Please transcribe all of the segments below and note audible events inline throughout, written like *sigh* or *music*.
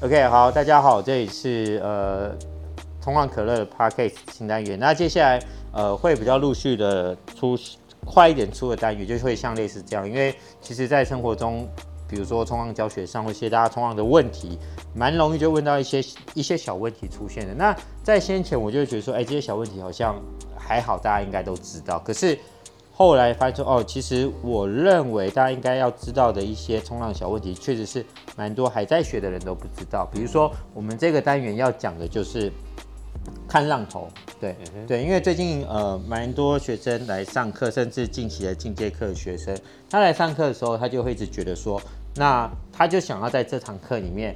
OK，好，大家好，這裡是呃，衝浪可樂的 Podcast 新單元。那接下來呃，會比較陸續的出快一點出的單元，就會像類似這樣。因為其實，在生活中，比如說衝浪教學上，會一些大家衝浪的問題，蠻容易就問到一些一些小問題出現的。那在先前，我就覺得說，哎、欸，這些小問題好像還好，大家應該都知道。可是後來發現說哦，其實我認為大家應該要知道的一些衝浪小問題，確實是蠻多還在學的人都不知道。比如說我們這個單元要講的就是看浪頭，對對，因為最近呃蠻多學生來上課，甚至近期的進階課的學生，他來上課的時候，他就會一直覺得說，那他就想要在這堂課裡面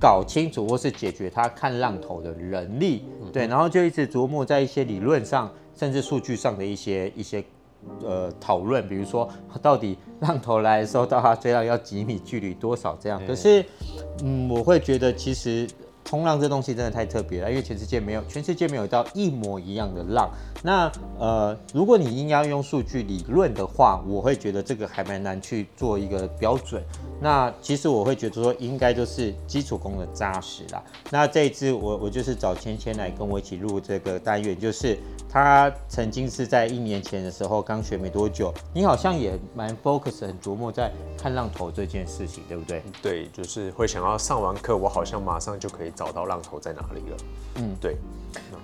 搞清楚或是解決他看浪頭的能力，對，然後就一直琢磨在一些理論上甚至數據上的一些一些。呃，討論，比如說到底浪頭來的時候，到他追到要幾米距離多少這樣。嗯、可是，嗯，我會覺得其實衝浪這東西真的太特別了，因為全世界沒有，全世界沒有一道一模一樣的浪。那呃，如果你硬要用數據理論的話，我會覺得這個還蠻難去做一個標準。那其實我會覺得說，應該就是基礎功的扎實啦。那這一次我我就是找芊芊來跟我一起錄這個單元，就是。他曾經是在一年前的時候，剛學沒多久，你好像也蠻 focus，很琢磨，在看浪頭這件事情，對不對？對，就是會想要上完課，我好像馬上就可以找到浪頭在哪裡了。嗯，對。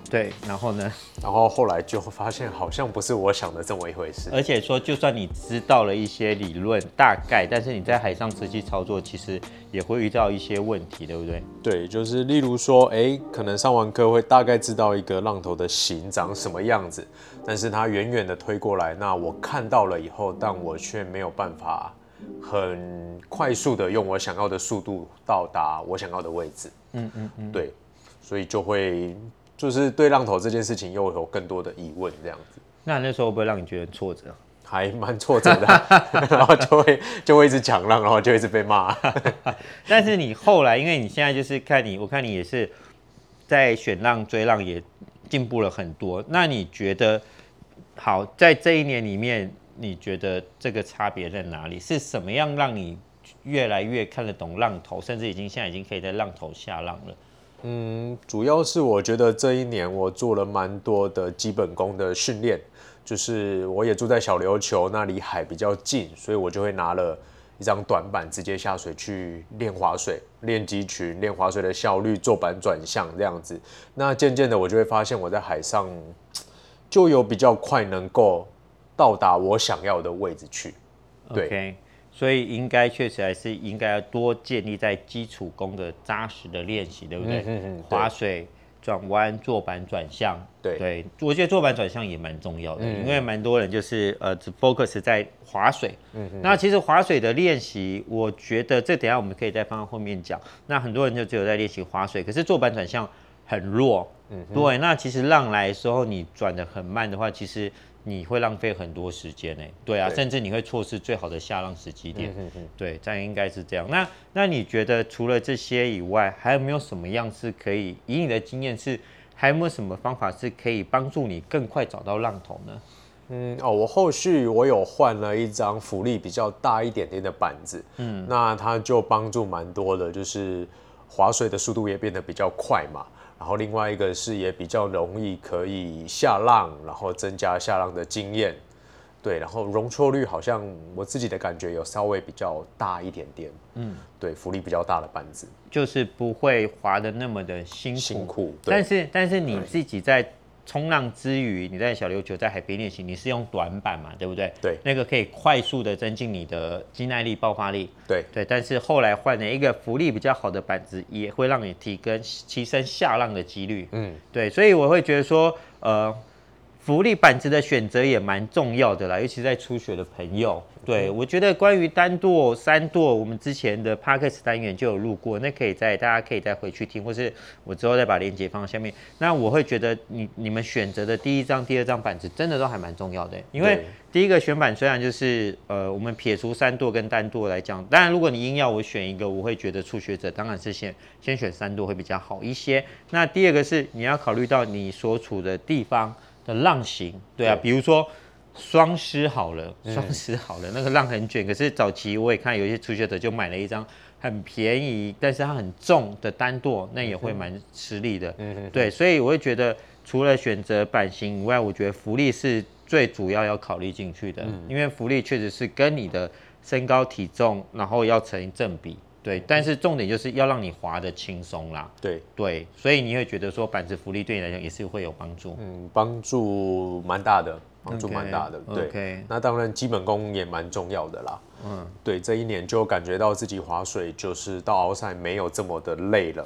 對，然後呢？然後後來就發現好像不是我想的這麼一回事。而且說，就算你知道了一些理論大概，但是你在海上實際操作，其實也會遇到一些問題，對不對？對，就是例如說，哎，可能上完課會大概知道一個浪頭的形長什麼樣子，嗯、但是它遠遠的推過來，那我看到了以後，但我卻沒有辦法很快速的用我想要的速度到達我想要的位置。嗯嗯嗯，嗯嗯對，所以就會。就是對浪頭這件事情又有更多的疑問，這樣子，那那時候會不會讓你覺得挫折啊？還蠻挫折的， *laughs* *laughs* 然後就會就會一直搶浪，然後就會一直被罵。 *laughs* 但是你後來，因為你現在就是看你，我看你也是在選浪追浪，也進步了很多。那你覺得好在這一年裡面，你覺得這個差別在哪裡？是什麼樣讓你越來越看得懂浪頭，甚至已經現在已經可以在浪頭下浪了？嗯，主要是我覺得這一年我做了蠻多的基本功的訓練，就是我也住在小琉球，那離海比較近，所以我就會拿了一張短板直接下水去練划水、練肌群、練划水的效率、坐板轉向這樣子。那漸漸的，我就會發現我在海上就有比較快能夠到達我想要的位置去。對。Okay. 所以應該確實還是應該要多建立在基礎功的扎實的練習，對不對？嗯嗯。划水、轉彎、坐板轉向。對。對，我覺得坐板轉向也蠻重要的，嗯、因為蠻多人就是呃，只 focus 在划水。嗯嗯。那其實划水的練習，我覺得這等一下我們可以再放到後面講。那很多人就只有在練習划水，可是坐板轉向很弱。嗯哼。對，那其實浪來的時候，你轉得很慢的話，其實。你會浪費很多時間呢、欸？對啊，對甚至你會錯失最好的下浪時機點，嗯、哼哼對，這樣應該是這樣。那那你覺得除了這些以外，還有沒有什麼樣是可以以你的經驗是，還有沒有什麼方法是可以幫助你更快找到浪頭呢？嗯哦，我後續我有換了一張浮力比較大一點點的板子，嗯，那它就幫助蠻多的，就是划水的速度也變得比較快嘛。然後另外一個是也比較容易可以下浪，然後增加下浪的經驗，對，然後容錯率好像我自己的感覺有稍微比較大一點點，嗯，對，浮力比較大的板子，就是不會滑得那麼的辛苦，辛苦，但是但是你自己在。嗯衝浪之餘，你在小琉球在海邊練習，你是用短板嘛，對不對？對，那個可以快速的增進你的肌耐力、爆發力。對對，但是後來換了一個浮力比較好的板子，也會讓你提跟提升下浪的幾率。嗯，對，所以我會覺得說，呃。福利板子的選擇也蠻重要的啦，尤其在初學的朋友。對，我覺得關於單舵、三舵，我們之前的 Parkers 單元就有錄過，那可以再大家可以再回去聽，或是我之後再把鏈接放到下面。那我會覺得你你們選擇的第一張、第二張板子真的都還蠻重要的，因為第一個選板雖然就是呃，我們撇除三舵跟單舵來講，當然如果你硬要我選一個，我會覺得初學者當然是先先選三舵會比較好一些。那第二個是你要考慮到你所處的地方。的浪型，對啊，比如說雙獅好了，雙獅、嗯、好了，那個浪很捲，可是早期我也看有一些初學者就買了一張很便宜，但是它很重的單舵，那也會蠻吃力的。嗯嗯嗯嗯、對，所以我會覺得除了選擇版型以外，我覺得浮力是最主要要考慮進去的，嗯、因為浮力確實是跟你的身高體重，然後要成正比。對，但是重點就是要讓你滑的輕鬆啦。對對，所以你會覺得說板子浮力對你來講也是會有幫助。嗯，幫助蠻大的，幫助蠻大的。Okay, 對，okay. 那當然基本功也蠻重要的啦。嗯，對，這一年就感覺到自己滑水就是到奧賽沒有這麼的累了。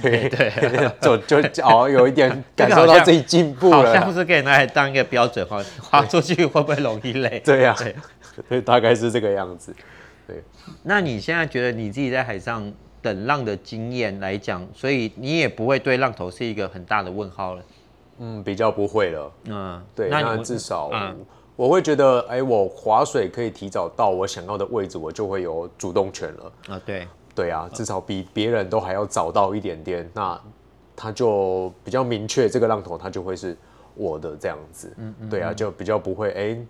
對對，對 *laughs* 就就哦，有一點感受到自己進步了啦好。好像是可以拿來當一個標準哦，滑出去會不會容易累？對呀，對，啊、對，對，大概是這個樣子。.對，那你現在覺得你自己在海上等浪的經驗來講，所以你也不會對浪頭是一個很大的問號了，嗯，比較不會了，嗯，對，那，那至少我、嗯、我會覺得，哎、欸，我划水可以提早到我想要的位置，我就會有主動權了，啊，對，對啊，至少比別人都還要早到一點點，那他就比較明確這個浪頭，他就會是我的這樣子，嗯，嗯，嗯，對啊，就比較不會，哎、欸。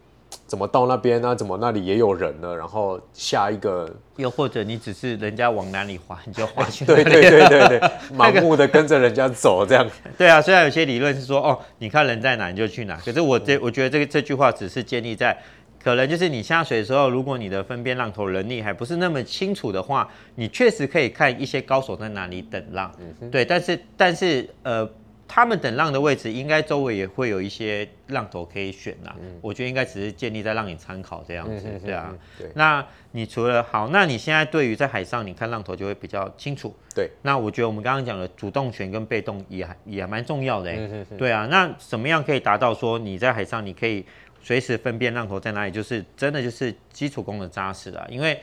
怎麼到那邊啊？怎麼那裡也有人呢？然後下一個，又或者你只是人家往哪裡滑，你就滑去哪裡。對對對對對， *laughs* 那個、盲目的跟着人家走這樣子。對啊，雖然有些理論是說哦，你看人在哪你就去哪，可是我這我覺得這個這句話只是建立在、嗯、可能就是你下水的時候，如果你的分辨浪頭能力還不是那麼清楚的話，你確實可以看一些高手在哪裡等浪。嗯、哼對，但是但是呃。他們等浪的位置，應該周圍也會有一些浪頭可以選啦。我覺得應該只是建立在讓你參考這樣子，對啊。那你除了好，那你現在對於在海上，你看浪頭就會比較清楚。對，那我覺得我們剛剛講的主動權跟被動也還也蠻重要的，欸。對啊。那什麼樣可以達到說你在海上你可以隨時分辨浪頭在哪裡？就是真的就是基礎功的扎實啊，因為。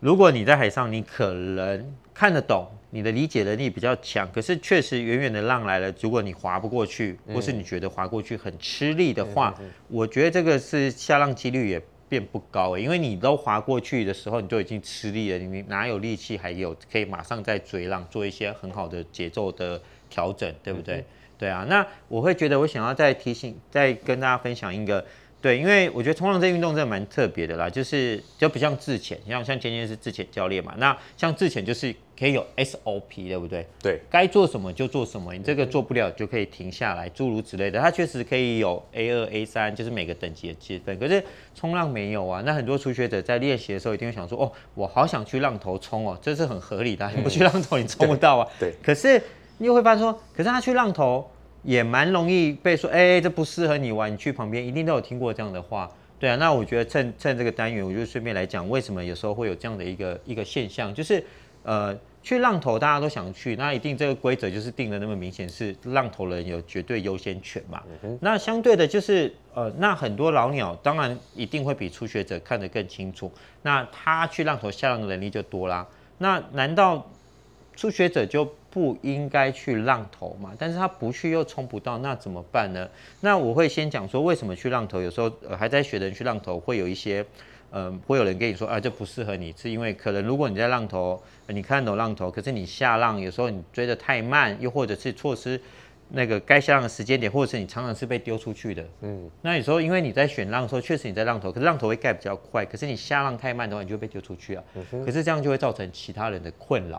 如果你在海上，你可能看得懂，你的理解能力比較強。可是確實，遠遠的浪來了，如果你划不過去，或是你覺得划過去很吃力的話，我覺得這個是下浪幾率也變不高、欸。因為你都划過去的時候，你就已經吃力了，你哪有力氣還有可以馬上再追浪，做一些很好的節奏的調整，對不對？對啊，那我會覺得我想要再提醒，再跟大家分享一個。對，因為我覺得衝浪這運動真的蠻特別的啦，就是就不像自潛，像像芊芊是自潛教練嘛，那像自潛就是可以有 SOP，對不對？對，該做什麼就做什麼，你這個做不了就可以停下來，諸如此類的，它確實可以有 A 二 A 三，就是每個等級的積分，可是衝浪沒有啊。那很多初學者在練習的時候一定會想說，哦，我好想去浪頭衝哦，這是很合理的，對啊、你不去浪頭你衝不到啊。對，對可是你又會發現說，可是他去浪頭。也蠻容易被說，哎、欸，這不適合你玩，你去旁邊，一定都有聽過這樣的話，對啊。那我覺得趁趁這個單元，我就順便來講，為什麼有時候會有這樣的一個一個現象，就是，呃，去浪頭大家都想去，那一定這個規則就是定的那麼明顯，是浪頭人有絕對優先權嘛。嗯、哼那相對的，就是呃，那很多老鳥當然一定會比初學者看得更清楚，那他去浪頭下浪的能力就多啦。那難道？初學者就不應該去浪頭嘛？但是他不去又衝不到，那怎麼辦呢？那我會先講說為什麼去浪頭，有時候還在學的人去浪頭會有一些，嗯，會有人跟你說啊，這不適合你，是因為可能如果你在浪頭，你看懂浪頭，可是你下浪有時候你追得太慢，又或者是錯失那個該下浪的時間點，或者是你常常是被丟出去的。嗯，那有時候因為你在選浪的時候，確實你在浪頭，可是浪頭會蓋比較快，可是你下浪太慢的話，你就會被丟出去啊。可是這樣就會造成其他人的困擾。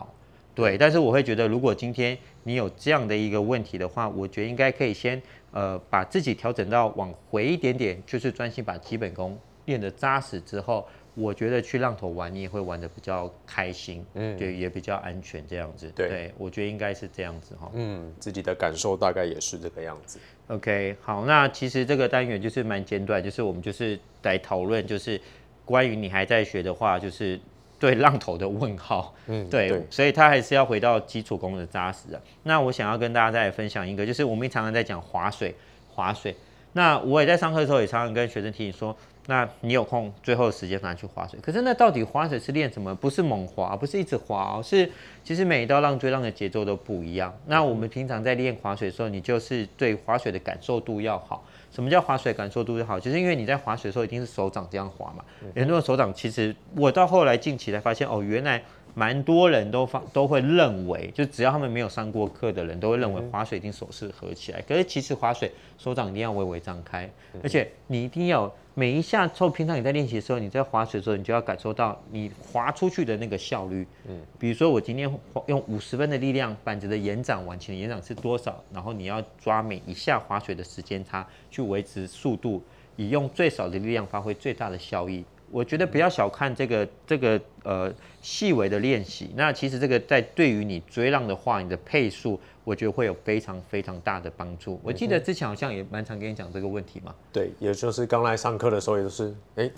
對，但是我會覺得，如果今天你有這樣的一個問題的話，我覺得應該可以先呃把自己調整到往回一點點，就是專心把基本功練得紮實之後，我覺得去浪頭玩你也會玩得比較開心，嗯，對，也比較安全這樣子。對，對，我覺得應該是這樣子哈、哦。嗯，自己的感受大概也是這個樣子。OK，好，那其實這個單元就是蠻簡短，就是我們就是來討論，就是關於你還在學的話，就是。對浪頭的問號，嗯，對，所以他還是要回到基礎功的扎實啊。那我想要跟大家再分享一個，就是我們常常在講划水、划水。那我也在上課的時候也常常跟學生提醒說，那你有空最後的時間拿去划水。可是那到底划水是練什麼？不是猛劃，不是一直劃哦，而是其實每一道浪追浪的節奏都不一樣。那我們平常在練划水的時候，你就是對划水的感受度要好。什麼叫划水感受度就好？就是因為你在划水的時候，一定是手掌這樣划嘛。很多的手掌，其實我到後來近期才發現，哦，原來。蠻多人都放都會認為，就只要他們沒有上過課的人，都會認為划水一定手是合起來。嗯、哼可是其實划水手掌一定要微微張開，嗯、哼而且你一定要每一下做。平常你在練習的時候，你在划水的時候，你就要感受到你划出去的那個效率。嗯，比如說我今天用五十分的力量，板子的延展往前延展是多少？然後你要抓每一下划水的時間差，去維持速度，以用最少的力量發揮最大的效益。我覺得不要小看這個這個呃細微的練習。那其實這個在對於你追浪的話，你的配速我覺得會有非常非常大的幫助。嗯、哼我記得之前好像也蠻常跟你講這個問題嘛。對，也就是剛來上課的時候，也就是、欸、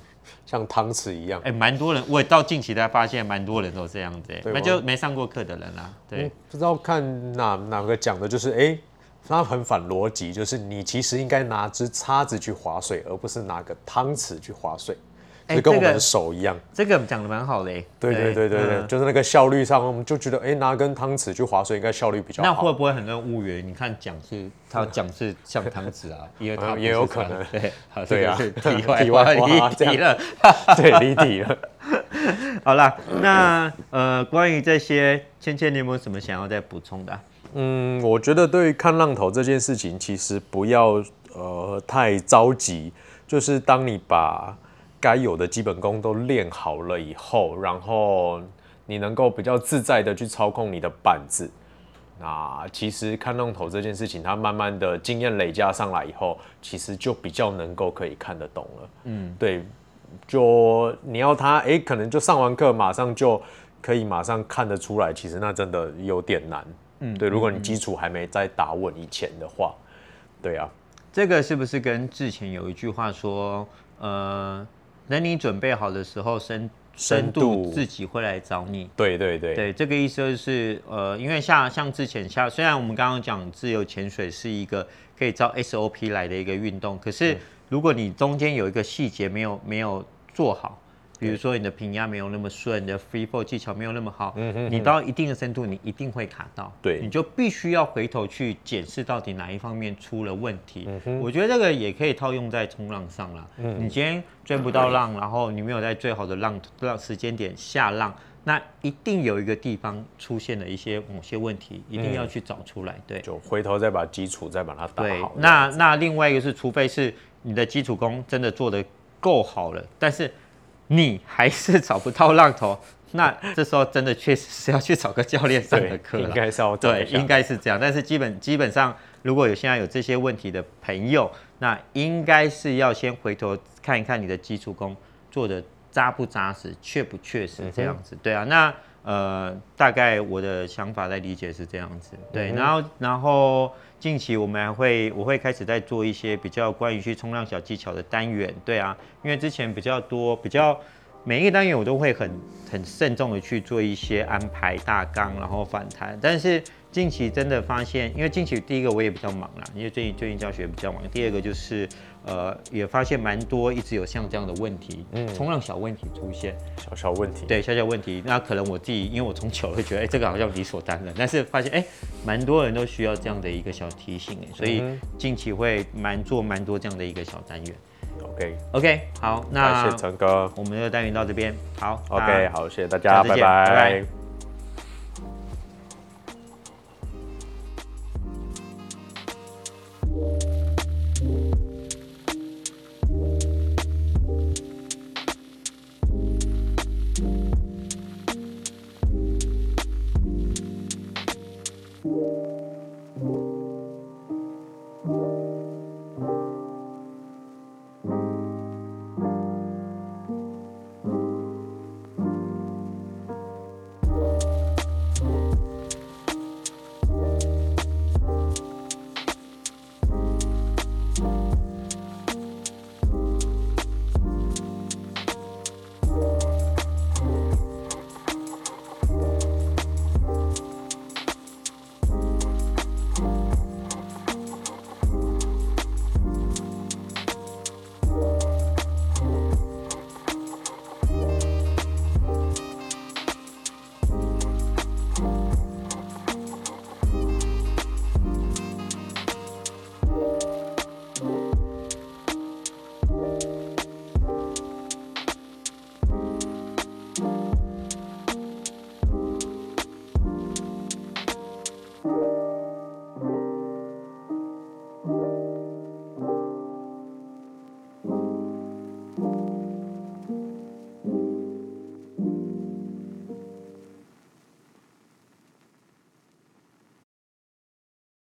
像湯匙一樣，哎、欸，蠻多人。我也到近期才發現，蠻多人都這樣子、欸，那吧就沒上過課的人啦、啊。對、嗯，不知道看哪哪個講的，就是哎，那、欸、很反邏輯，就是你其實應該拿只叉子去划水，而不是拿個湯匙去划水。就跟我們的手一樣，這個講的蠻好嘞。對對對對對，就是那個效率上，我們就覺得，哎，拿根湯匙去划水，應該效率比較好。那會不會很跟誤員？你看講是，他講是像湯匙啊，一個湯匙也有可能。對，對啊，體外體外對，離題了。好了，那呃，關於這些，芊芊，你有沒有什麼想要再補充的？嗯，我覺得對於看浪頭這件事情，其實不要呃太着急，就是當你把該有的基本功都練好了以後，然後你能夠比較自在的去操控你的板子。那其實看浪頭這件事情，它慢慢的經驗累加上來以後，其實就比較能夠可以看得懂了。嗯，對。就你要他誒，可能就上完課馬上就可以馬上看得出來，其實那真的有點難。嗯，對。如果你基礎還沒再打穩以前的話，嗯嗯嗯、對啊。這個是不是跟之前有一句話說，呃，等你準備好的時候，深深度自己會來找你。深度 對對對，對這個意思就是，呃，因為像像之前，像雖然我們剛剛講自由潛水是一個可以照 SOP 來的一個運動，可是如果你中間有一個細節沒有沒有做好。比如說你的平壓沒有那麼順，你的 free fall 技巧沒有那麼好，嗯哼，你到一定的深度，你一定會卡到，對，你就必須要回頭去檢視到底哪一方面出了問題。嗯哼，我覺得這個也可以套用在衝浪上了。嗯，嗯，你今天追不到浪，然後你沒有在最好的浪浪時間點下浪，那一定有一個地方出現了一些某些問題，一定要去找出來。對，就回頭再把基礎再把它打好，對。那那另外一個是，除非是你的基礎功真的做得夠好了，但是。你還是找不到浪頭， *laughs* 那這時候真的確實是要去找個教練上的課了。應該是要對，應該是，是這樣。但是基本基本上，如果有現在有這些問題的朋友，那應該是要先回頭看一看你的基礎功做的扎不扎實、確不確實這樣子。嗯、哼對啊，那。呃，大概我的想法來理解是這樣子，對。然後，然後近期我們還會，我會開始在做一些比較關於去衝浪小技巧的單元，對啊。因為之前比較多，比較每一個單元我都會很很慎重的去做一些安排大綱，然後訪談。但是近期真的發現，因為近期第一個我也比較忙啦，因為最近最近教學也比較忙。第二個就是。呃，也發現蠻多，一直有像這樣的問題，嗯，衝浪小問題出現，小小問題，對，小小問題。那可能我自己，因為我從小會覺得，哎、欸，這個好像理所當然，但是發現，哎、欸，蠻多人都需要這樣的一個小提醒、欸，嗯、所以近期會蠻做蠻多這樣的一個小單元。OK、嗯、OK 好，那謝謝成哥，我們的單元到這邊，好，OK、啊、好，謝謝大家，拜拜。Bye bye bye bye